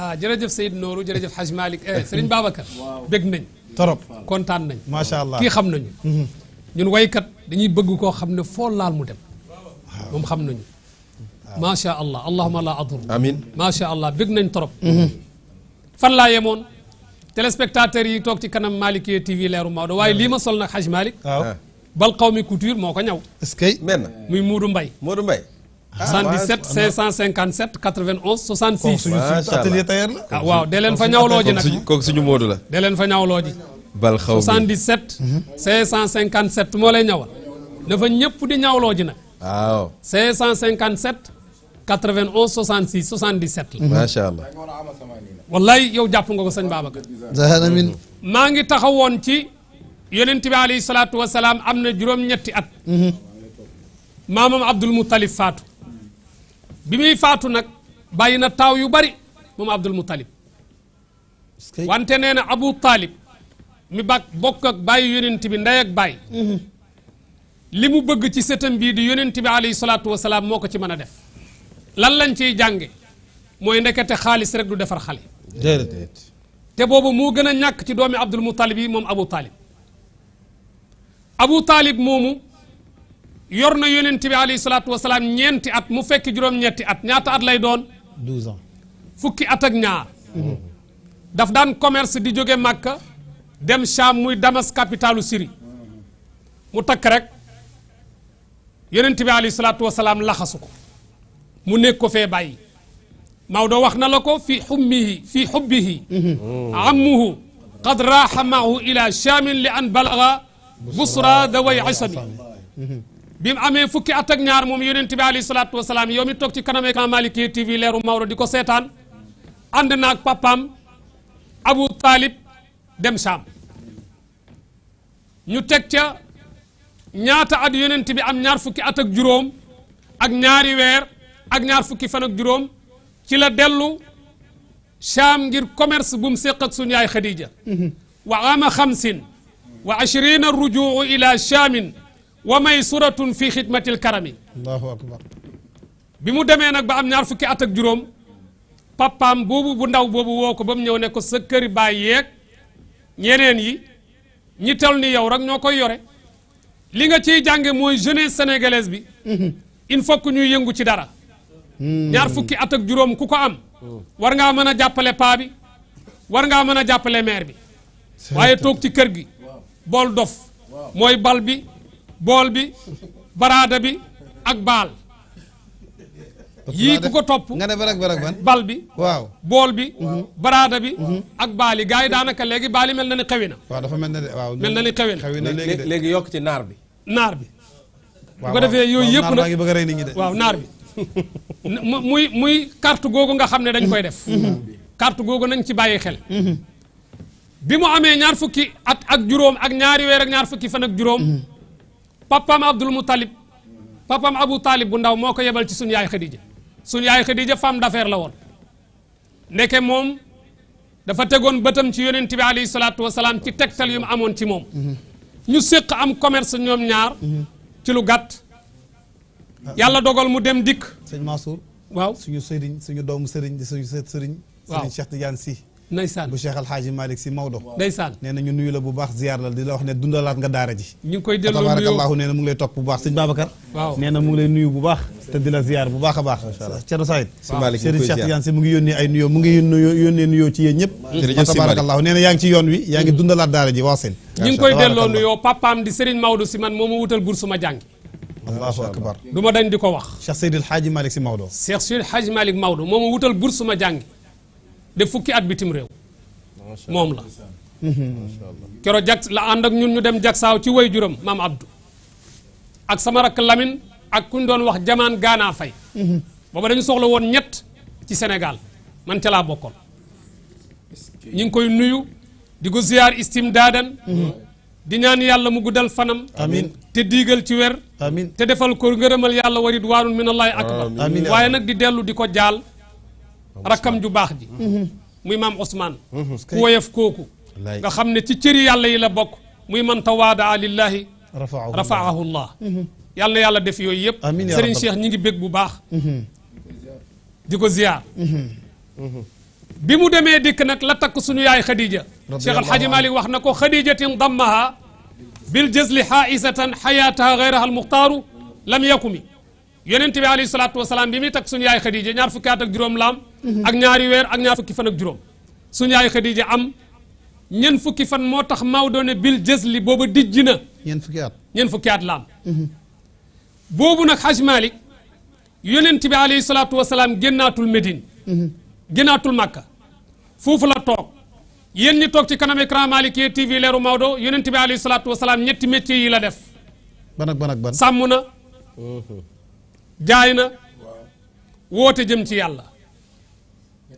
ah jërëjëf Seydou Nourou jërëjëf Hadj Malick Serigne Babacar bëgg nañ trop kontaan nañ macha allah kii xam nañu ñun waykat dañuy bëgg koo xam ne foo laal mu dem moom xam nañu macha allah allahuma la adur amin macha allah bëgg nañ trop fan laa yemoon téléspectateurs yi toog ci kanam Malikia TV leeru Maodo waaye lii ma sol nag Hadj Malick bal xaw mi couture moo ko ñaw est-ce que men muy Moodu Mbaye Moodu Mbaye 77 557 91 66. ah waaw de leen fa ñawloo ji nag kooku suñu moodu la. de leen fa ñawloo ji. bal xaw ma 77. 557 moo lay ñawal. dafa ñëpp di ñawloo ji nag. waaw 557. 91 66 77 la. macha allah. wallaay yow jàpp nga ko sëñ Babacar. amiin. maa ngi taxawoon ci. yonent bi salaatu wa salaam am na juróom-ñetti at. Mhm. maamam Abdul Muttalib faatu. bi muy faatu nag bàyyi na taaw yu bari moom Abdul Muttalib wante nee na Abu taalib mi bàkk bokk ak bàyyi yonent bi ndey ak bàyyi mhm. li mu bëgg ci sëtam bii di yonent bi alayhi salaatu wasalaam moo ko ci mën a def lan lañ ciy jànge mooy ndekete xaalis rek du defar xale te boobu moo gën a ñàkk ci doomi Abdul Muttalib yi moom Abu Talib Abu Talib moomu يورنا يونتي علي الصلاه والسلام نينتي ات مو فك جوروم ات نياتا ات دون 12 ans فوكي اتك نيار داف كوميرس دي جوغي مكه ديم شام موي دمشق كابيتالو سيري مو تك رك يونتي علي الصلاه والسلام لخصكو مو نيكو في باي ماودو واخنا لاكو في حمه في حبه عمه قد راح معه الى شام لان بلغ بصرى ذوي عصم bim amé fukki at ak ñaar mom yoonent bi ali salaatu wasalaam yomi tok ci kanamé kan maliki TV leru mawro diko sétan ànd nak papam Abu Talib dem sham ñu tek ca ñaata at yoonent bi am ñaar fukki at ak juróom ak ñaari wèr ak ñaar fukki fan ak juróom ci la delu sham ngir commerce bu mu ak sun yaay Khadija wa ama xamsin wa ashirina rujuu ila Saamin waa may suratun fii xidmatil karami allahu akbar bi mu demee nag ba am ñaar fukki at ak juróom papaam boobu bu ndaw boobu woo ko ba mu ñëw ne ko sa këri baay yeeg ñeneen yi ñi tol ni yow rek ñoo koy yore li nga ciy jànge mooy jeunesse sénégalaise bi mm-hmm. il faut que ñuy yëngu ci dara mm. ñaar fukki at ak juróom ku ko am mm. war ngaa mën a jàppale paa bi war ngaa mën a jàppale maire bi waaye toog ci kër gi bool dof mooy bal bi bool bi baraada bi ak baal yii ku ko topp nga ne barak barak ban bal bi waaw bool bi mhm. baraada bi mhm. ak yi gars yi daanaka léegi baali mel na ni xewi na dafa mel na de waaw mel na ni xewi na léegi yokk ci naar bi naar bi bu ko defee yooyu yëpp nag bëgg a rey nit ñi de waaw naar bi muy muy carte googu nga xam ne dañ koy def mhm. carte googu nañ ci bàyyi xel bi mu amee ñaar fukki at ak juróom ak ñaari weer ak ñaar fukki fan ak juróom papaam Abdul Muttalib papam Abu Talib bu ndaw moo ko yebal ci suñ yaay Khadija suñu yaay Khadija femme d'affaires la woon ndeke moom dafa tegoon bëtam ci yonent bi alayhi salaatu wa ci tegtal yu mu amoon ci moom. ñu séq am commerce ñoom ñaar. ci lu gàtt. yàlla dogal mu dem dikk. sëñ Mansour. waaw suñu sëriñ suñu doomu sëriñ di suñu sëriñ. waaw sëriñ Cheikh Tidiane Sy. ndeysaan bu Cheikh Alhaaji Malick si Maodo ndeysaan nee na ñu nuyu la bu baax ziar la di la wax ne dundalaat nga daara ji ñu ngi koy delloo tabaarakallaahu nee na mu ngi lay topp bu baax sëñ Babacar waaw nee na mu ngi lay nuyu bu baax te di la ziar bu baax a baax Thierno Saïd Serigne mu moo ma wutal bur suma jàngi allahu akbar ma dañ di ko wax Cheikh Seydil Haaji Malick si Maodo Cheikh Seydil Haaji Malick moo ma wutal bur suma jàngi def fukki at bitim rew mom la mm-hmm. kero jag la and ak ñun ñu dem jag saw ci way mam abdou ak sama rak lamine ak kuñ doon wax jaman gana fay mm-hmm. ba dañu soxla won ñet ci senegal man ci la bokkol ñi ngi koy nuyu di go ziar istim mm-hmm. di ñaan yalla mu guddal fanam amin te diigal ci wer amin te defal ko ngërëmal yalla warid warun min allah akbar waye nak di delu di ko jaal rakam ju bax ji muy mam usman ku woyof kooku nga xamne ci cëri yàlla yi la bok muy man tawada lillahi rafaahu allah yàlla yàlla def yoy yep serigne Cheikh ñi ngi bég bu bax diko ziar bi mu deme dik nak la tak suñu yaay Khadija Cheikh Alhaji Malick wax nako ko Khadijatin dammaha bil ha'isatan xaaisatan ghayraha al almuxtaaru lam yakumi yonente bi alayhi salaatu wasalaam bi mi tak suñu yaay Khadija ñaar fukkat ak juróom lam ak ñaari weer ak ñaar fukki fan ak juróom suñu yaay Xadija am ñeent fukki fan moo tax Maodo ne bil jësli booba dijji na. ñeent fukki at ñeent fukki at la boobu nag Haj Malick yonent bi alayhi salaatu wa salaam génnaatul Médine. génnaatul Makka foofu la toog. yéen ñi toog ci kanam écran Malikia TV leeru Maodo yonent bi alayhi salaatu wa ñetti métiers yi la def. ban ak ban sàmm na. jaay na woote jëm ci yàlla.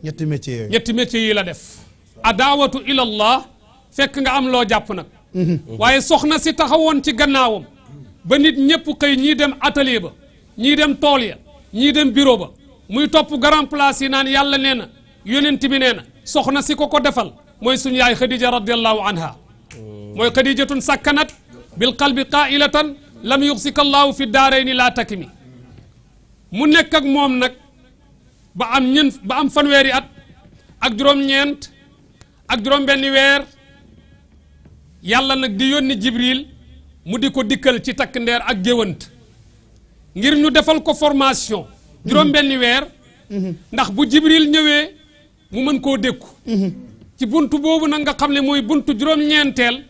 ñetti métiers yooyu ñetti métiers yi la def adaawatu ilallah fekk nga am loo jàpp nag waaye soxna si taxawoon ci gannaawam ba nit ñëpp xëy ñii dem atelier ba ñii dem tool ya ñii dem bureau ba muy topp grand place yi naan yàlla nee na yonent bi nee na soxna si ko ko defal mooy suñu yaay xadija radiallahu anha mooy xadijatun sakkanat bil qalbi qailatan lam yuxsika allahu fi daarayni laa takimi mu nekk ak moom nag ba am ñeent ba am fanweeri ak juróom-ñeent ak juróom-benni weer yàlla nag di yónni Jibril mu di ko dikkal ci takk ndeer ak géwant ngir ñu defal ko formation juróom-benni weer ndax bu Jibril ñëwee mu mën koo dékku ci buntu boobu nag nga xam ne mooy buntu juróom-ñeenteel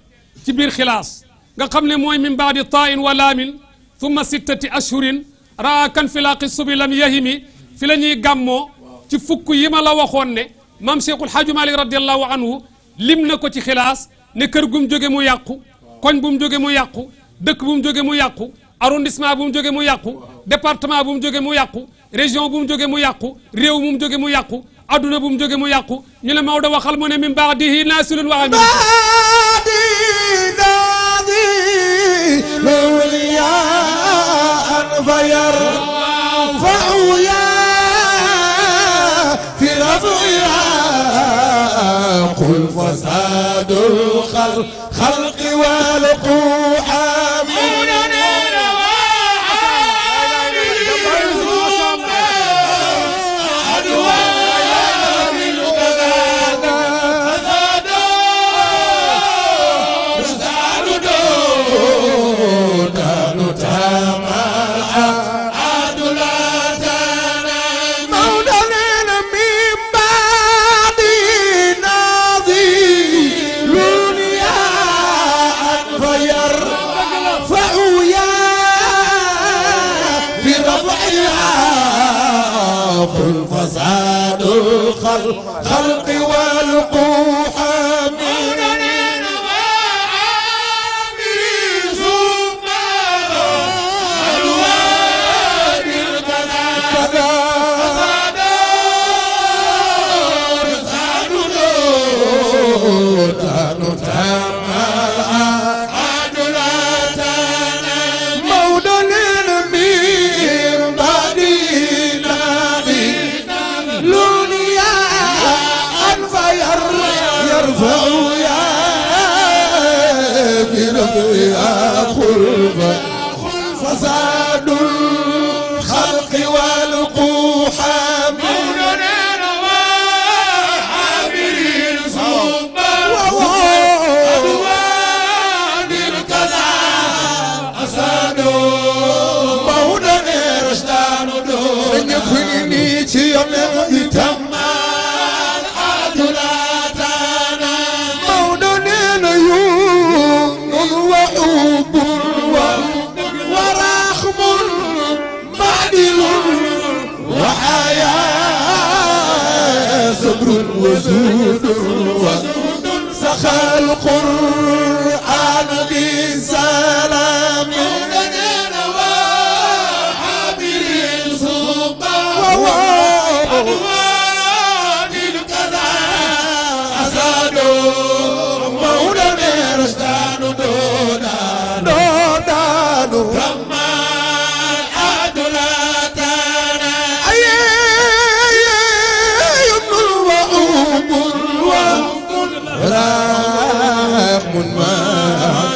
ci biir xilaas nga xam ne mooy min baadi taa in wa laamin thumma sittati ashhurin raa kan filaaqi subi lam yahimi fi la ñuy gàmmoo ci fukk yi ma la waxoon ne maam Cheikhul Hadji Malick radiallahu anhu lim ko ci xilaas ne kër gu jóge mu yàqu koñ bu jóge mu yàqu dëkk bu jóge mu yàqu arrondissement bu jóge mu yàqu département bu jóge mu yàqu région bu mu jóge mu yàqu réew bu mu jóge mu yàqu adduna bu jóge mu yàqu ñu ne Maodo waxal mu ne min baax dihi wa amir لولياء فيرفع الفساد الخلق خلق والقوحات الخلق والقوة passar o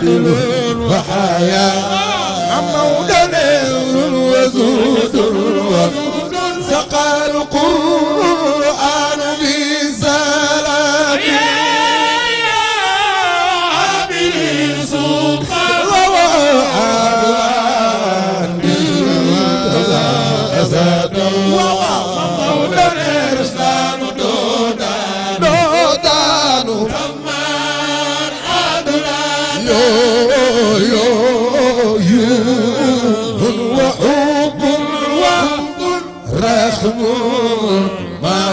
وحياة مودا وزود سقى القرى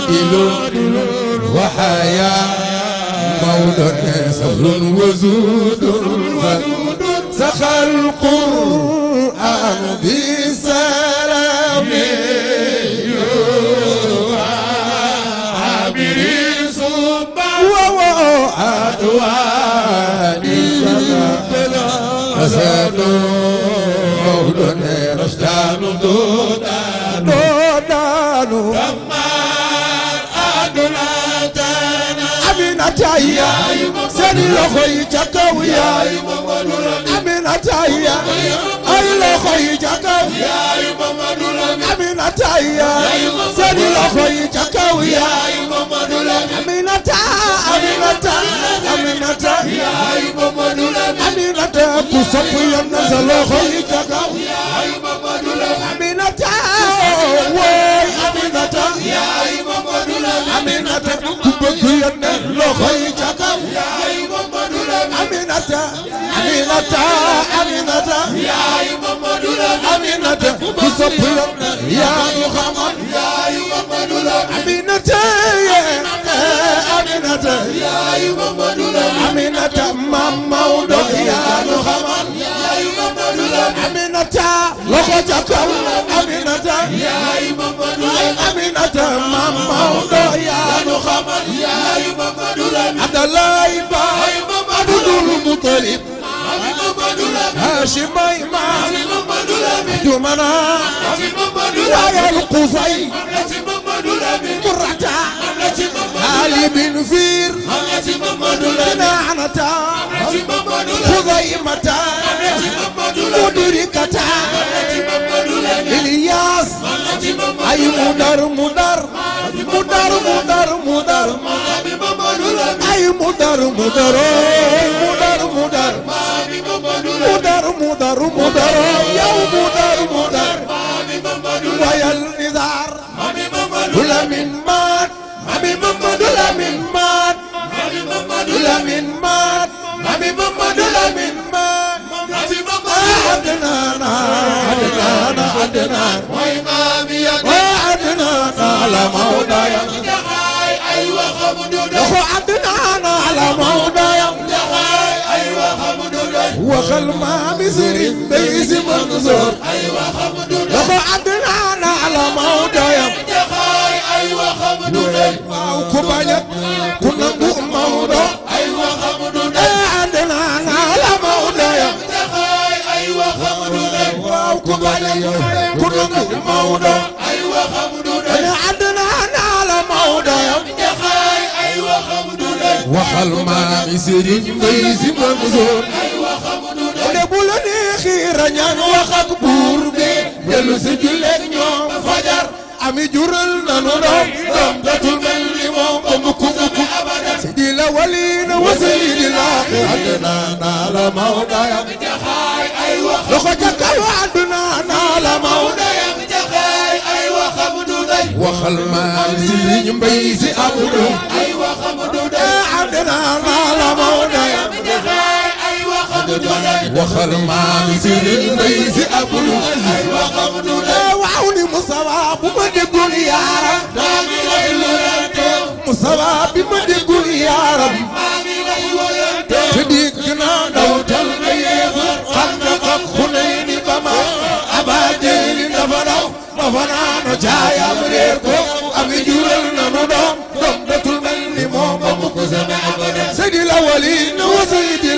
عادل وحياة مولى سهل وزود سخى القرآن بسلام عبر صبا وعدواني حسن مولى رشدان دودان دودان aminata yi seeni loxo yi ca kaw ya aminata yi ay loxo yi ca kaw aminata yi seeni loxo yi ca kaw ya aminata aminata aminata aminata ku sopp yoon na sa loxo yi ca kaw aminata wooy aminata aminata ku bëgg yónnee loxo yi ca kaw yaayu Mamadu Lamin aminata aminata aminata yaayu Mamadu Lamin aminata ku sopp yónnee yaayu xamoon yaayu Mamadu Lamin aminata aminata yaayu Mamadu Lamin aminata maam Maodo yaayu xamoon yaayu Mamadu Lamin aminata loxo ca kaw aminata yaayu Mamadu Lamin aminata maam Maodo محمد يا محمد عبد الله باي محمد المطلب هاشم محمد جمنا يا القصي مرتا علي بن فير نعنتا خزيمتا مدركتا ay mu dar mu dar mu dar mu dar mu dar ay mu dar mu dar mu dar mu dar mu dar mu dar mu dar yow mu dar mu dar wayal nizar Lamin maat Mami Mamadou Lamin maat Lamin maat Mami Mamadou Lamin maat Adnaan adnaan adnaan موضع دخاي أيوة خمدود أخو عدنان على موضع دخاي أيوة خمدود وخل ما مزر بيز منظور أيوة خمدود أخو عدنان على موضع دخاي أيوة خمدود ما وكبايت كنا موضع أيوة خمدود عدنان على موضع دخاي أيوة خمدود ما وكبايت كنا موضع أيوة خمدود xalma yi Serigne Mbaye Sy Mansour ne bu la neexee rañaan wax ak buur bi dellu si julleeg ñoom fajar ami jural nanu doom doom datul mel ni moom ba mukk mukk sidi la waliina wa sayidi la àdduna naa la mawdayam jaxaay ay wax loxo ca kaw àdduna naa la mawdayam jaxaay ay waxam du day waxal maa Serigne Mbaye Sy Abdou waxal maam Serigne Mbaye Sy Abdoul Aziz waxam du la waaw ni Moustapha bu ma déggul yaaram maa ngi lay woyantoo Moustapha bi ma déggul yaaram maa ngi lay woyantoo te dégg naa ndaw tal nga yéefar xam na xam xunay ni ba ma abaajee ni dafa daw dafa naano jaayam réer ko ami jural na nu doom doom datul mel ni moom ba mu ko sama abada sëdi la wali na wa sayidi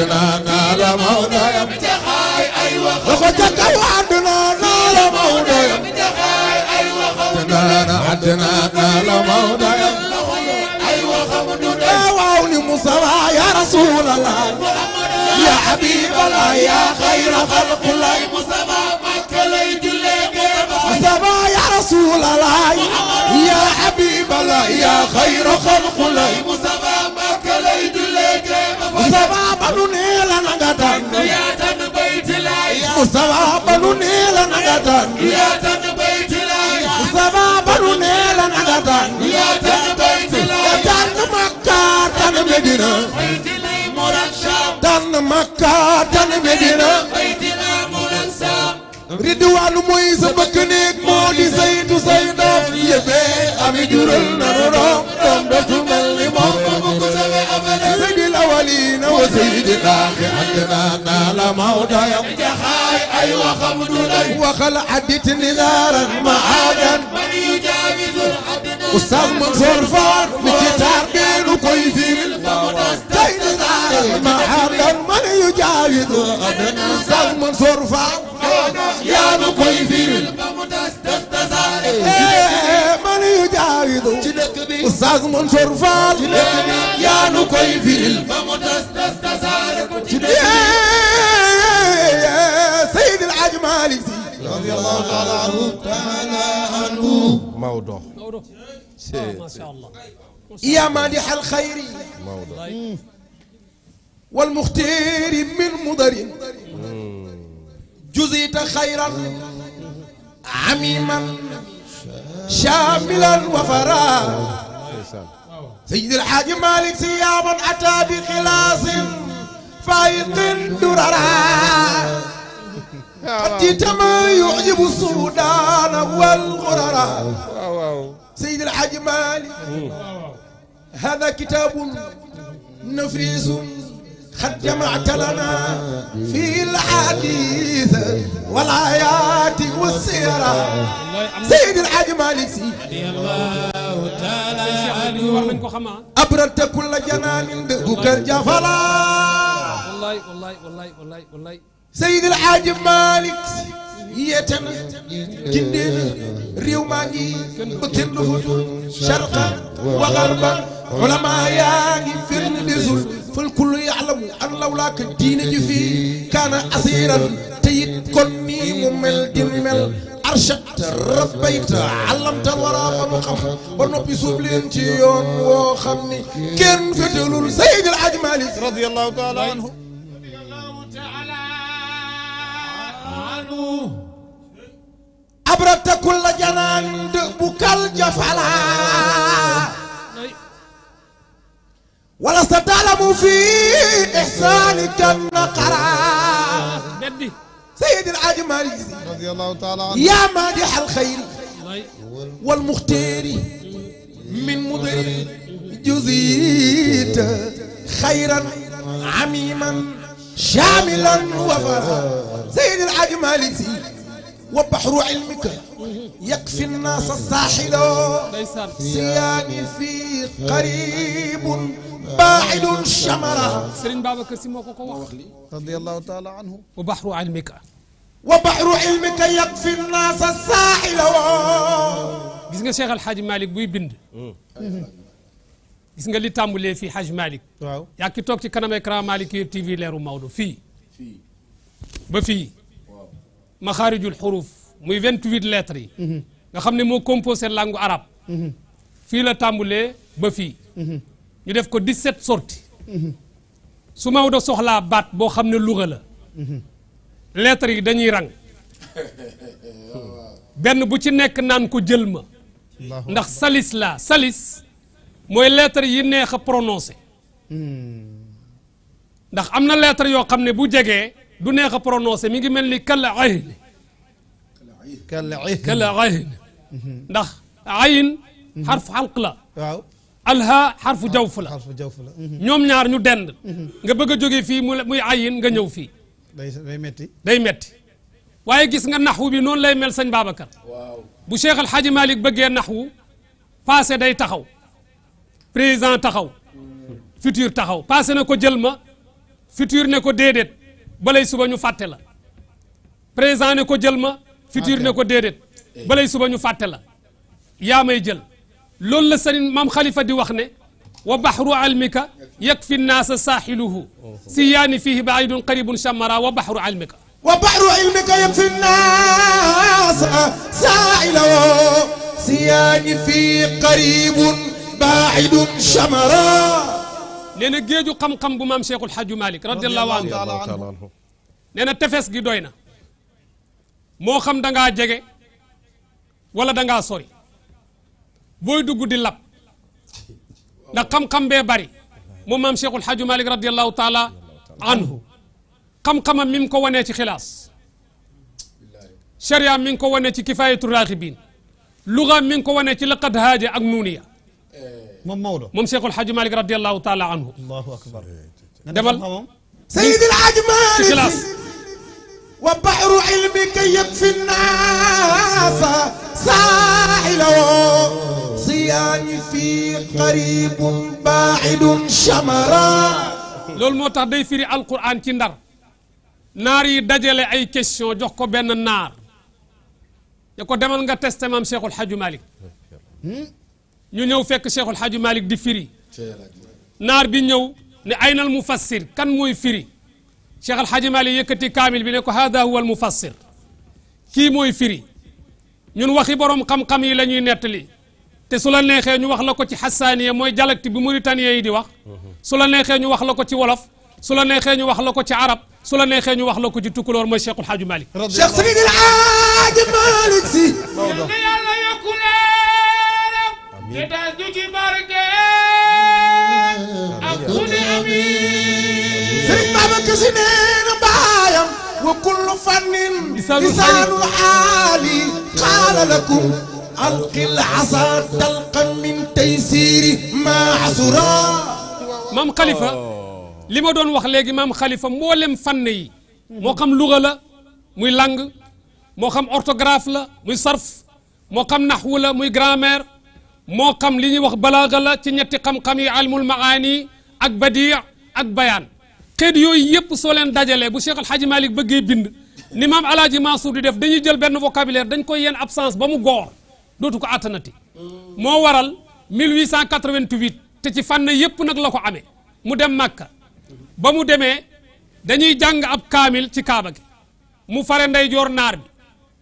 عندنا نار موضة متخاي أيوة أخوتك وعندنا نار موضة متخاي أيوة عندنا عندنا نار موضة أيوة خمدنا وعوني مصطفى يا رسول الله يا حبيب الله يا خير خلق الله مصطفى مكة ليد مصطفى يا رسول الله يا حبيب الله يا خير خلق الله مصطفى مكة ليد مصطفى banu ne la nanga tànn. yaa tànn bayti laay. Moustapha banu ne la nanga tànn. yaa tànn bayti laay. Moustapha banu ne la nanga tànn. yaa tànn bayti laay. tànn Makka tànn Medina. bayti laay Moran Sam. tànn Makka tànn Medina. bayti laay Moran Sam. Ridwaanu mooy sa bëkk néeg moo di saytu say doom yëppee ami jural na doon. باقي عند ما نال موضع جخاي أيوة خمدوني وخل عدت نزارا معادا من يجاوز الحد أستاذ منصور فار بكتاب بين كيف المدستين زارا معادا من يجاوز أستاذ منصور فار يا مكيف من يجاوز أستاذ يا مكيف المدستين زارا رضي الله تعالى عنه تعالى عنه ما يا مالح الخير موضوع والمختير من مضر جزيت خيرا عميما شاملا وفرا سيد الحاج مالك سيابا اتى بخلاص فايق دررا أتيت ما يعجب السودان والغرراء سيد الحاج مالي هذا كتاب نفيس قد جمعت لنا في الحديث والآيات والسيرة سيد الحاج مالي سيدي الله كل جنان دقوك الجفلا والله والله والله والله والله سيد الحاج مالك يتم جندي ريو ماني كنبتل لفوتو شرقا وغربا علماء ياني فرن لزول فالكل يعلم أن لولا كدين جفي كان أسيرا تيد كني ممل جمل أرشدت ربيت علمت وراء مقام ونو بيسوب لينتيون وخمني كن فتلول سيد الحاج مالك رضي الله تعالى رضي الله تعالى عنه أبرت كل جنان بكال جفلا ولا ستعلم في إحسانك النقرا سيد العجمري رضي الله تعالى عنه يا مادح الخير والمختير من مضر جزيت خيرا عميما شاملا وفرا زين الحاج هالتي وبحر علمك يكفي الناس الساحل سياني في قريب باعد الشمرة سرين بابا كسيم رضي الله تعالى عنه وبحر علمك وبحر علمك يكفي الناس الساحل جزنا شيخ الحاج مالك بوي بند جزنا اللي تامو في حاج مالك يا كي توك تي كنا مكرا مالك يو تي في ليرو ماودو في ba fii maxaarijul xuruf muy 28 lettres yi mhm. nga xam ne moo composé langue arabe mhm. fii la tàmbulee ba fii mhm. ñu def ko 17 sorti su Maodo soxlaa baat boo xam ne luga la lettres yi dañuy rang benn bu ci nekk naan ko jël ma ndax salis laa salis mooy lettres yi neex a prononcé ndax am na lettres yoo xam ne bu jegee du neex a prononcé mi ngi mel ni kal ayn kal ayn ndax ayn xarfu xalq la waaw alha xarfu jawf la ñoom ñaar ñu dend nga bëgg a jógee fii muy ayin nga ñëw fii day metti day metti waaye gis nga naxwu bi noonu lay mel sëñ Babacar bu Cheikh El Hadji Malick bëggee naxwu passé day taxaw présent taxaw futur taxaw passé na ko jël ma futur ne ko déedéet balay suba ñu faté la présent ne ko jël ma futur ne ko dédét balay suba ñu faté la ya may jël lool la sëriñ mam khalifa di wax ne wa bahru almika yakfi an-nas sahiluhu siyan fihi baidun qaribun shamara wa bahru almika wa bahru almika yakfi an-nas sahiluhu siyan fihi qaribun baidun shamara nee na géeju xam-xam bu maam Cheikhul Hadji Malick radiallahu anhu nee na tefes gi doy na moo xam da ngaa jege wala da ngaa sori booy dugg di lab ndax xam-xam bee bari moom maam Cheikhul Hadji Malick radiallahu taala anhu xam-xamam mi mu ko wanee ci xilaas sharia mi ngi ko wanee ci kifaayatu raaxibiin luga mi ngi ko wanee ci laqad haaja ak nuuniya مم شيخ الحاج مالك رضي الله تعالى عنه الله اكبر دبل سيد الحاج مالك وبحر علمك يكفي الناس ساحله صياني في قريب باعد شمرا لول موتا داي فيري القران تي نار ناري داجالي اي كيسيون جوخ كو بن نار يكو ديمال nga testament شيخ الحاج مالك ñu ñëw fekk Cheikhul Hadji Malick di firi naar bi ñëw ne aynal mufassir kan mooy firi Cheikhul Hadji Malick yëkkati kaamil bi ne ko hada huwa al mufassir kii mooy firi ñun waxi borom xam-xam yi la ñuy nettali te su la neexee ñu wax la ko ci xasaaniya mooy dialecte bi mauritanien yi di wax su la neexee ñu wax la ko ci wolof su la neexee ñu wax la ko ci arab su la neexee ñu wax la ko ci tukkuloor mooy Cheikhul Hadji Malik Cheikh Sidil Hadji Malik si ñu taas ñu ci barke ak ku ne amiin sëriñ Babacar Si nee na baayam wa kullu fannin lisaanul xaali xaala lakum alqi lasa talqa min taysiri ma asura maam xalifa li ma doon wax léegi maam xalifa mboolem fànn yi moo xam luga la muy langue moo xam orthographe la muy sarf moo xam naxwu la muy grammaire moo xam li ñuy wax balaaga la ci ñetti xam-xam yi almul maani ak badiya ak bayaan xeet yooyu yëpp soo leen dajalee bu Cheikh Alhaji Malick bëggee bind ni maam Alaaji Mansour di def dañuy jël benn vocabulaire dañ koy yenn absence ba mu goor dootu ko attanati moo waral 1888 te ci fànn yëpp nag la ko amee mu dem Màkka ba mu demee dañuy jàng ab kaamil ci kaaba gi mu fare ndeyjoor naar bi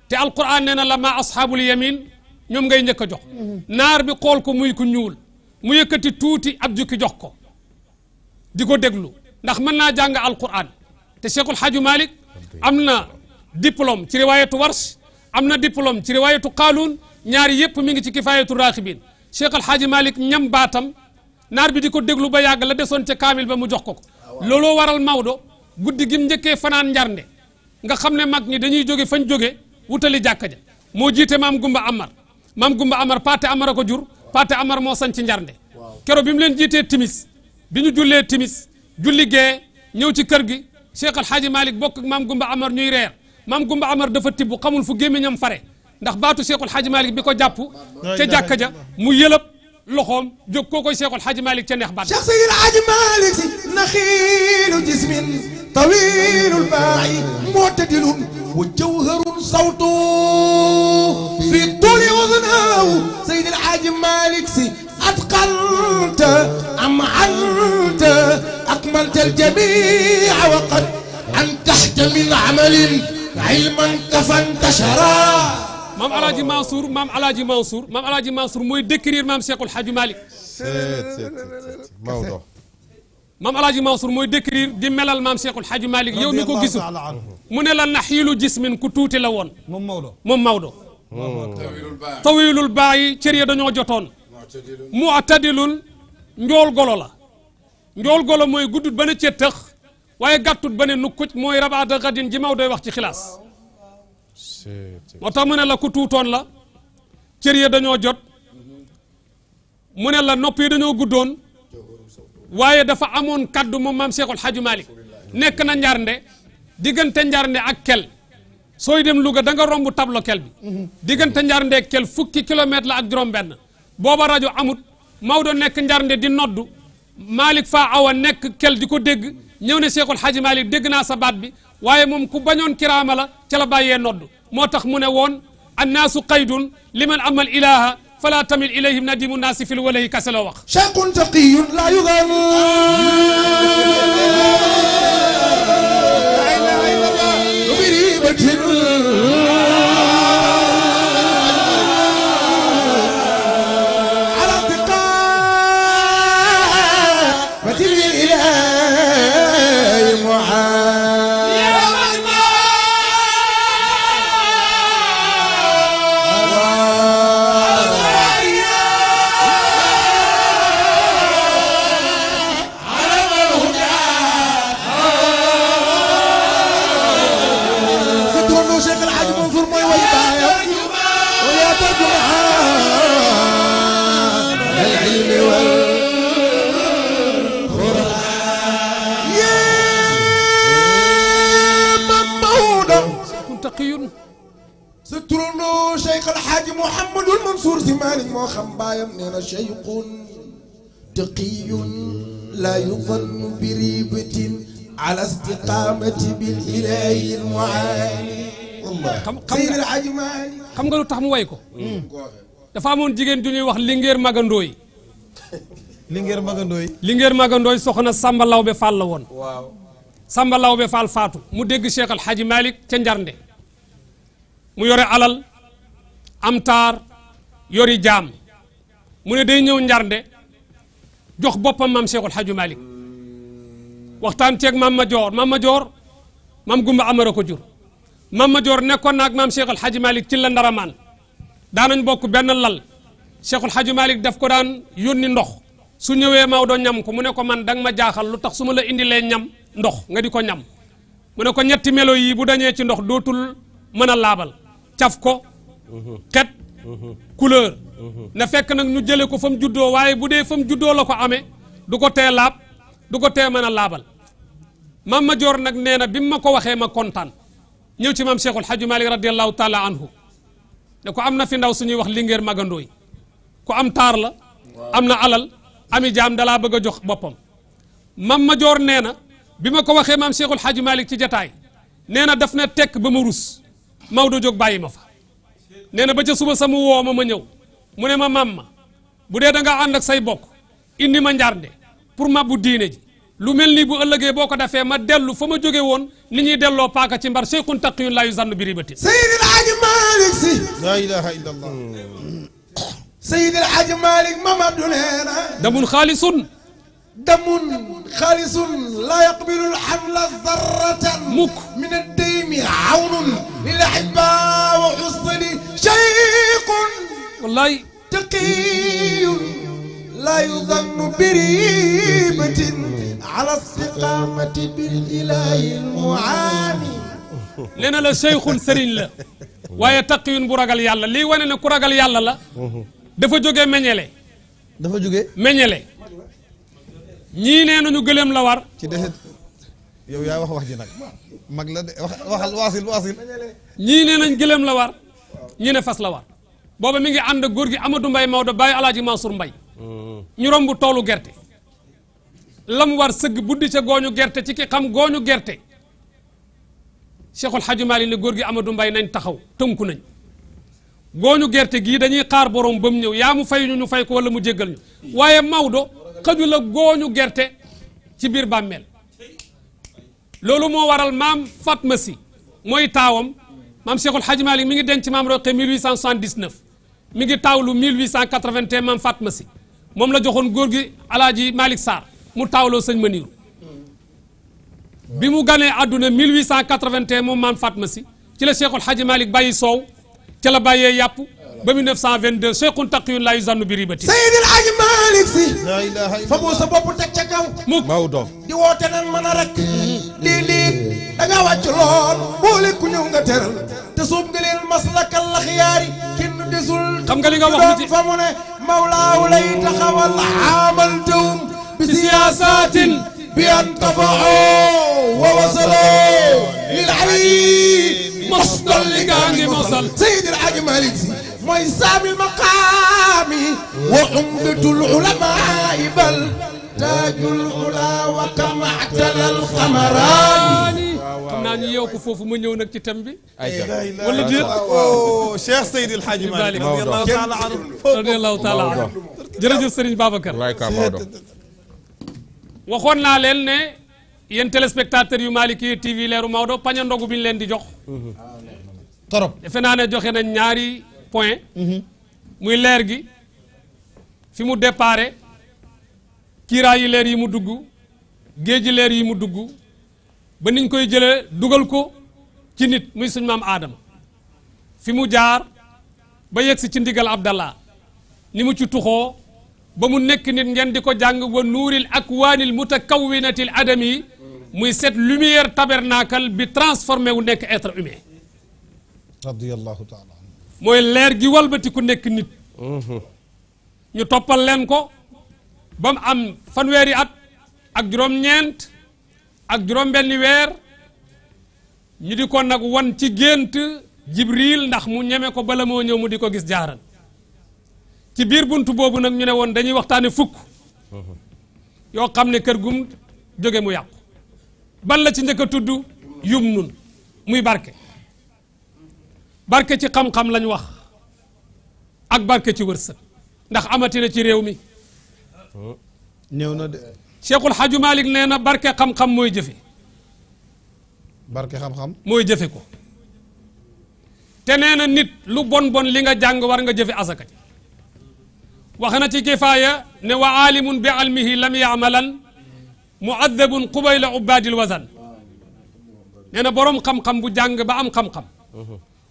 te alquran nee na la ma ashaabul yamin ñoom ngay njëkk a jox naar bi xool ko muy ku ñuul mu yëkkati tuuti ab jukki jox ko di ko déglu ndax mën naa jàng alquran te Cheikhul Hadji Malick am na diplôme ci riwaayatu warsh am na diplôme ci riwaayatu qaaluun ñaari yëpp mu ngi ci kifaayatu raaxibin Cheikhul Hadji Malick ñam baatam naar bi di ko déglu ba yàgg la desoon ca kaamil ba mu jox ko ko looloo waral Maodo guddi gi njëkkee fanaan njarnde nga xam ne mag ñi dañuy jóge fañ jóge wutali jàkka moo jiite maam Gumba Amar maam Gumba Amar Pate Amar ko jur Pate Amar moo sanc njarnde keroo bi mu leen jiitee timis bi ñu jullee timis julli gee ñëw ci kër gi Cheikh Al Hadji bokk maam Gumba Amar ñuy reer maam Gumba Amar dafa tibb xamul fu gémmiñam fare ndax baatu Cheikhul Hadji Malick bi ko jàpp ca jàkka ja mu yëlëb loxoom jóg koo koy Cheikhul Hadji Malick ca neex baat Cheikh Seydil Hadji Malick si naxiilu jismin طويل الباعي معتدل وجوهر صوته في طول وغناه سيد الحاج مالك سي أتقنت أم أنت أكملت الجميع وقد تحت من عمل علما مام كفانتشرا maam alaaji Mansour maam alaaji Mansour maam alaaji Mansour mooy décrire maam سيت سيت سيت موضوع مام الله منصور موي ديكرير دي ملال مام شيخ الحاج مالك يوم ميكو غيسو من لا نحيل جسم كتوتي لا وون مام مودو مام مودو طويل الباي تيري دانيو جوتون معتدل نجول غولو لا نجول غولو موي غودوت بني تيتخ واي غاتوت بني نوكوت موي ربع د غدين جي مودو واخ سي خلاص وتا من لا كتوتون لا تيري دانيو جوت من لا نوبي دانيو غودون waaye dafa amoon kaddu moom maam Cheikhul Hadji malik nekk na Njaarnde diggante Njaarnde ak kel sooy dem Louga da nga romb tablo kel bi diggante Njaarnde ak kel fukki kilomètre la ak juróom-benn booba rajo amut mawdo nekk Njaarnde di noddu malik fa Awa nekk kel di ko dégg ñëw ne Cheikhul Hadji malik dégg naa sa baat bi waaye moom ku bañoon kiraama la ca la bàyyee noddu moo tax mu ne woon annaasu qaydun liman amal ilaha فلا تمل إليهم نديم الناس في الوله كسل وق شاق تقي لا يغنى لا إله إلا الله تقي xam nga lu tax mu way hmm. Hmm. amoon jigéen du ñuy wax Linguère Magandooy Linguère Magandooy Linguère Magandooy soxna Samba Lawbe Fall la woon waaw Samba Lawbe Fall faatu mu dégg Cheikh Al Hadji Malick yori jaam mu ne day ñëw Njarnde jox boppam maam Cheikhul Hadji Malick waxtaan ceeg maam Majoor maam joor maam Gumba Amara ko jur maam Majoor nekkoon naag maam Cheikhul Hadji Malick ci la ndara ndaramaan daanañ bokk benn lal Cheikhul Hadji Malick def ko daan yónni ndox su ñëwee Maodo ñam ko mu ne ko man danga ma jaaxal lu tax su ma la indilee ñam ndox nga di ko ñam mu ne ko ñetti melo yii bu dañee ci ndox dootul mën a laabal caf ko xet uhuh. couleur na fekk nag ñu jële ko fa mu juddoo waaye bu dee fa mu juddoo la ko amee du ko tee laab du ko tee man a laabal maam ma joor nag nee na bi ma ko waxee ma kontaan ñëw ci maam Cheikhul Hadji Malick radiallahu taala anhu ne ko am na fi ndaw suñuy wax lingeer magandooy ku am taar la am na alal ami jaam dalaa bëgg a jox boppam mam ma joor nee na bi ma ko waxee maam Cheikhul Hadji Malick ci jataay nee na daf na tekk ba ma rus Maodo jog bàyyi ma fa nee na ba ca suba samu woo ma ma ñëw mu ne ma mam ma bu dee danga nga say bokk indi ma njarnde pour mabbu diine ji lu mel ni bu ëllëgee boo ko defee ma dellu fa ma jóge woon ni ñuy delloo paaka ci mbar seyxun taqiyun laa yuzannu bi ribatin Seydil Hadji Malick Sy laa ilaha illa allah Seydil Hadji Malick Mamadou nee na damun xaalisun damun xaalisun laa yaqbilul hamla zarratan mukk min عون للاحباء وحصني شيق والله تقي لا يظن بريبة على استقامة بالإله المعاني لأن لا شيخ سرين لا ويتقي برغل يالا لي وانا نكرغل يالا لا دفو جوغي منيلي دفو جوغي منيلي ني نينو نيو گلم لا yow yaa wax wax ji nag mag la de wax waxal ñii nee nañ gëléem la war ñi ne fas la war booba mi ngi ànd góor gi Amadou Mbaye Maodo bàyyi alaaji Mansour Mbaye ñu romb toolu gerte lam war sëgg buddi ca gooñu gerte ci ki xam gooñu gerte Cheikhul Hadji Malick ne góor gi Amadou mbay nañ taxaw tënku nañ gooñu gerte gii dañuy xaar boroom ba ñëw yaa mu fay ñu ñu fay ko wala mu jéggal ñu waaye Maodo xaju la gooñu gerte ci biir bàmmeel loolu moo waral maam Fatma si mooy taawam maam Cheikhul Hadj Malick mi ngi denc maam Roqe 1879 mi ngi taawlu 1881 maam Fatma si moom la joxoon góor gi alaaji malik Sarr mu taawloo sëñ Maniru bi mu ganee àdduna 1881 moom maam Fatma si ci la Cheikhul Hadj Malick bàyyi soow ca la bàyyee yàpp ba 1922 seexun taqiyun laa yusannu bi ribati Seydil Aji Malick si fa mu sa bopp teg ca kaw mukk Maodo di woote nan mën a rek di liit da nga wàcc lool boole ku ñëw nga teral te suub nga leen maslakal laxiyaari kenn desul xam nga li nga wax ci fa mu ne mawlaaw lay taxawal amaltum bi siyaasatin bi an tafaxoo wa wasaloo lil ali mostal li gaa ngi mosal Seydil Aji Malick si ما يسامي مقامي وعمدة العلماء بل تاج العلا وكم اعتلى الخمران نان يوكو فوفو من يونك تتنبي ولا دير شيخ سيد الحاج مالك رضي الله تعالى عنه جرجو سرين بابكر الله يكرمك waxon na len ne yeen telespectateur yu maliki tv leru mawdo pagnandogu biñ len di jox torop defena ne joxe nañ ñaari point mm-hmm. muy leer gi fi mu déparé kiiraayu leer yi mu dugg géeji leer yi mu dugg ba niñ koy jëlee dugal ko ci nit muy suñ aadama fi mu jaar ba yegsi ci ndigal abdallah ni mu ci tuxoo ba mu nekk nit ngeen di ko jàng wa nuuril akwaanil mutakawwinatil adami muy cette lumière tabernacle bi transformé wu nekk être humain mooy leer gi walbati ku nekk nit mhm. ñu toppal leen ko ba mu am fanweeri at ak juróom-ñeent ak juróom-benni weer ñu di ko nag wan ci gént jibril ndax mu ñeme ko bala moo ñëw mu di ko gis jaaral ci biir bunt boobu nag ñu ne woon dañuy waxtaane fukk mhm. yoo xam ne kër gum jóge mu yàqu ban la ci njëkk a tudd yum nun muy barke barke ci xam-xam lañ wax ak barke ci wërsëg ndax na ci réew mi newna de cheikhul xaju malik neena barke xam-xam moy jëfe barke xam-xam moy jëfe ko te neena nit lu bon bon li nga jàng war nga jëfe asaka ci wax na ci kifaaya ne wa alimun bi almihi lam ya'malan mu'adhdhab qubayla ubadil wazan neena borom xam-xam bu jàng ba am xam-xam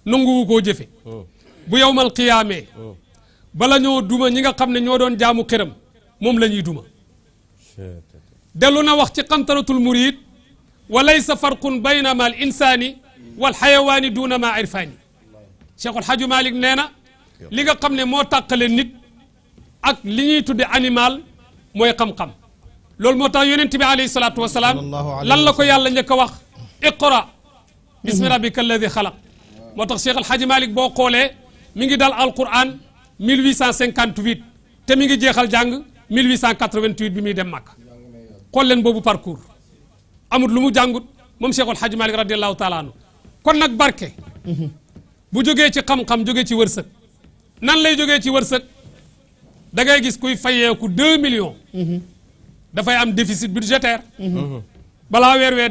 nanguwu ko jëfe bu yawmal qiyamé bala ñoo duma ñi nga xamné ne ñoo doon jaamu kërëm mom lañuy duma deluna wax ci qantaratul murid wa laysa farqun bayna mal insani wal hayawani duna ma irfani cheikhul xaju malik neena li nga xamné mo takale nit ak li ñuy tudde animal moy xam-xam lol moo tax yonent bi alayhi salaatu wasalaam lan la ko yàlla ñëk wax iqra bismi rabbikal ladhi khalaq moo tax Cheikh El Hadj boo xoolee mi ngi dal alquran 1858 te mi ngi jeexal jàng 1888 bi muy dem màkk xool leen boobu parcours amul lu mu jàngut moom Cheikh El Hadj Malick radiallahu taala kon nag barke. bu jógee ci xam-xam jógee ci wërsëg. nan lay jógee ci wërsëg da ngay gis kuy fayeeku 2 millions. Mhm. dafay am déficit budgétaire. Mhm. balaa weer wee